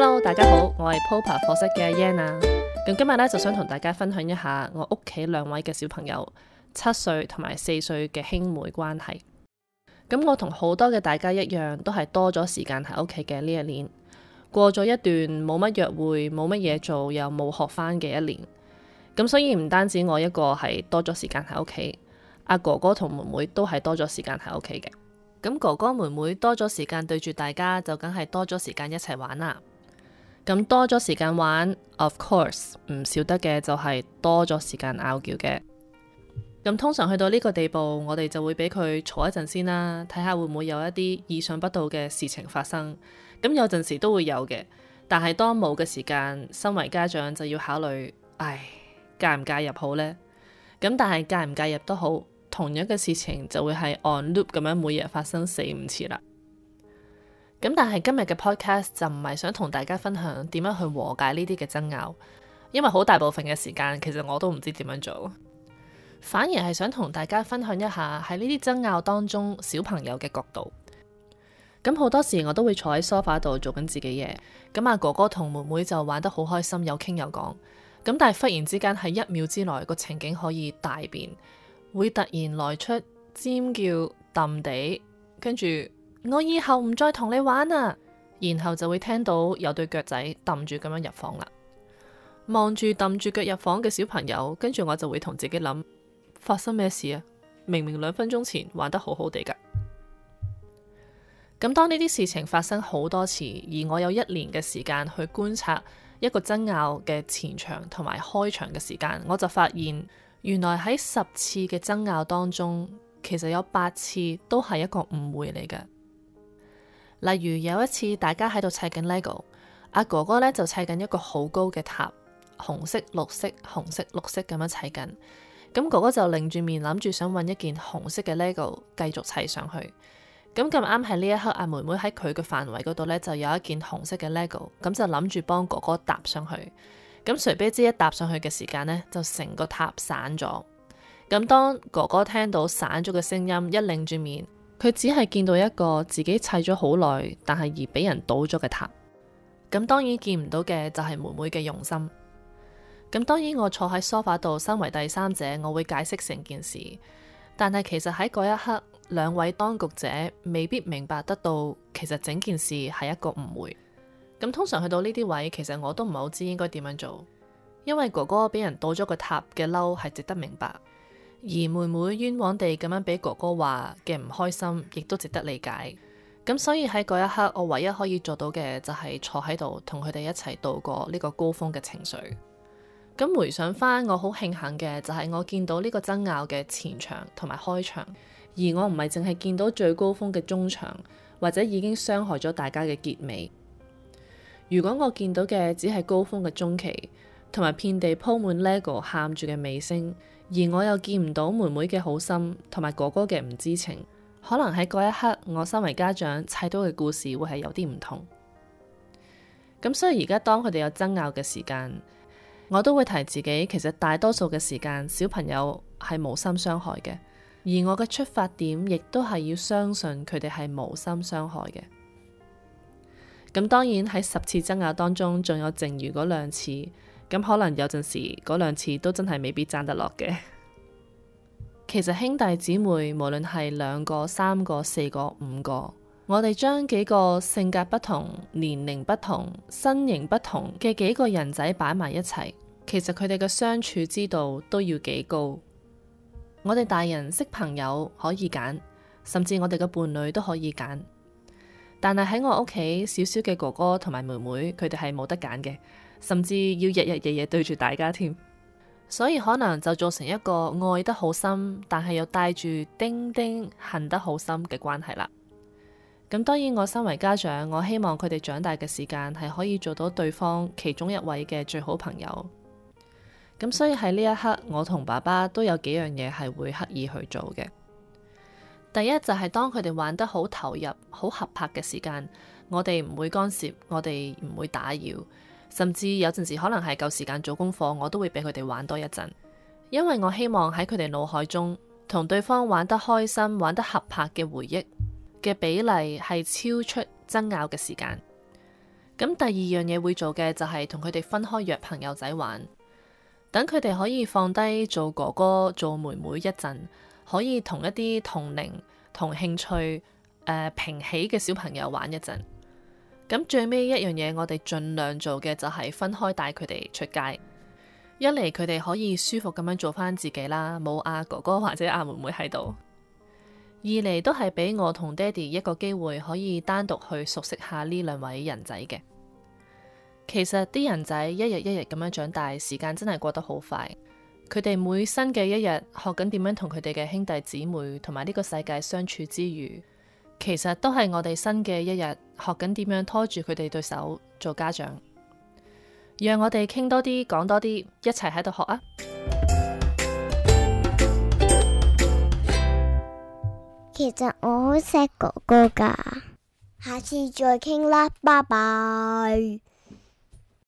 hello，大家好，我係 Papa 課室嘅 Yan 啊。咁今日咧，就想同大家分享一下我屋企兩位嘅小朋友七歲同埋四歲嘅兄妹關係。咁我同好多嘅大家一樣，都係多咗時間喺屋企嘅呢一年。過咗一段冇乜約會，冇乜嘢做，又冇學返嘅一年。咁所以唔單止我一個係多咗時間喺屋企，阿哥哥同妹妹都係多咗時間喺屋企嘅。咁哥哥妹妹多咗時間對住大家，就梗係多咗時間一齊玩啦。咁多咗時間玩，Of course 唔少得嘅就係多咗時間拗撬嘅。咁通常去到呢個地步，我哋就會俾佢坐一陣先啦，睇下會唔會有一啲意想不到嘅事情發生。咁有陣時都會有嘅，但係當冇嘅時間，身為家長就要考慮，唉，介唔介入好呢？咁但係介唔介入都好，同樣嘅事情就會係 on loop 咁樣每日發生四五次啦。死咁但係今日嘅 podcast 就唔係想同大家分享點樣去和解呢啲嘅爭拗，因為好大部分嘅時間其實我都唔知點樣做，反而係想同大家分享一下喺呢啲爭拗當中小朋友嘅角度。咁、嗯、好多時我都會坐喺梳化度做緊自己嘢，咁、嗯、阿哥哥同妹妹就玩得好開心，有傾有講。咁、嗯、但係忽然之間喺一秒之內個情景可以大變，會突然來出尖叫、揼地，跟住。我以後唔再同你玩啦，然後就會聽到有對腳仔揼住咁樣入房啦。望住揼住腳入房嘅小朋友，跟住我就會同自己諗，發生咩事啊？明明兩分鐘前玩得好好地噶。咁當呢啲事情發生好多次，而我有一年嘅時間去觀察一個爭拗嘅前場同埋開場嘅時間，我就發現原來喺十次嘅爭拗當中，其實有八次都係一個誤會嚟嘅。例如有一次，大家喺度砌緊 LEGO，阿哥哥咧就砌緊一個好高嘅塔，紅色、綠色、紅色、綠色咁樣砌緊。咁哥哥就擰住面諗住想揾一件紅色嘅 LEGO 繼續砌上去。咁咁啱喺呢一刻，阿妹妹喺佢嘅範圍嗰度呢就有一件紅色嘅 LEGO，咁就諗住幫哥哥搭上去。咁誰不知一搭上去嘅時間呢，就成個塔散咗。咁當哥哥聽到散咗嘅聲音，一擰住面。佢只係見到一個自己砌咗好耐，但係而俾人倒咗嘅塔。咁當然見唔到嘅就係妹妹嘅用心。咁當然我坐喺梳化度，身為第三者，我會解釋成件事。但係其實喺嗰一刻，兩位當局者未必明白得到，其實整件事係一個誤會。咁通常去到呢啲位，其實我都唔係好知應該點樣做，因為哥哥俾人倒咗個塔嘅嬲係值得明白。而妹妹冤枉地咁樣俾哥哥話嘅唔開心，亦都值得理解。咁所以喺嗰一刻，我唯一可以做到嘅就係坐喺度同佢哋一齊度過呢個高峰嘅情緒。咁回想翻，我好慶幸嘅就係我見到呢個爭拗嘅前場同埋開場，而我唔係淨係見到最高峰嘅中場或者已經傷害咗大家嘅結尾。如果我見到嘅只係高峰嘅中期，同埋遍地鋪滿 Lego 喊住嘅尾聲。而我又見唔到妹妹嘅好心，同埋哥哥嘅唔知情，可能喺嗰一刻，我身為家長，砌到嘅故事會係有啲唔同。咁所以而家當佢哋有爭拗嘅時間，我都會提自己，其實大多數嘅時間，小朋友係無心傷害嘅，而我嘅出發點亦都係要相信佢哋係無心傷害嘅。咁當然喺十次爭拗當中，仲有剩餘嗰兩次。咁可能有陣時嗰兩次都真係未必爭得落嘅。 其實兄弟姊妹無論係兩個、三個、四個、五個，我哋將幾個性格不同、年齡不同、身形不同嘅幾個人仔擺埋一齊，其實佢哋嘅相處之道都要幾高。我哋大人識朋友可以揀，甚至我哋嘅伴侶都可以揀，但係喺我屋企，小小嘅哥哥同埋妹妹，佢哋係冇得揀嘅。甚至要日日夜夜對住大家添，所以可能就做成一個愛得好深，但係又帶住丁丁恨得好深嘅關係啦。咁當然，我身為家長，我希望佢哋長大嘅時間係可以做到對方其中一位嘅最好朋友。咁所以喺呢一刻，我同爸爸都有幾樣嘢係會刻意去做嘅。第一就係、是、當佢哋玩得好投入、好合拍嘅時間，我哋唔會干涉，我哋唔會打擾。甚至有陣時可能係夠時間做功課，我都會俾佢哋玩多一陣，因為我希望喺佢哋腦海中同對方玩得開心、玩得合拍嘅回憶嘅比例係超出爭拗嘅時間。咁第二樣嘢會做嘅就係同佢哋分開約朋友仔玩，等佢哋可以放低做哥哥、做妹妹一陣，可以同一啲同齡、同興趣、誒、呃、平起嘅小朋友玩一陣。咁最尾一樣嘢，我哋盡量做嘅就係分開帶佢哋出街，一嚟佢哋可以舒服咁樣做返自己啦，冇阿哥哥或者阿妹妹喺度；二嚟都係俾我同爹哋一個機會，可以單獨去熟悉下呢兩位人仔嘅。其實啲人仔一日一日咁樣長大，時間真係過得好快。佢哋每新嘅一日，學緊點樣同佢哋嘅兄弟姊妹同埋呢個世界相處之餘。其實都係我哋新嘅一日，學緊點樣拖住佢哋對手做家長，讓我哋傾多啲，講多啲，一齊喺度學啊！其實我好錫哥哥㗎，下次再傾啦，拜拜。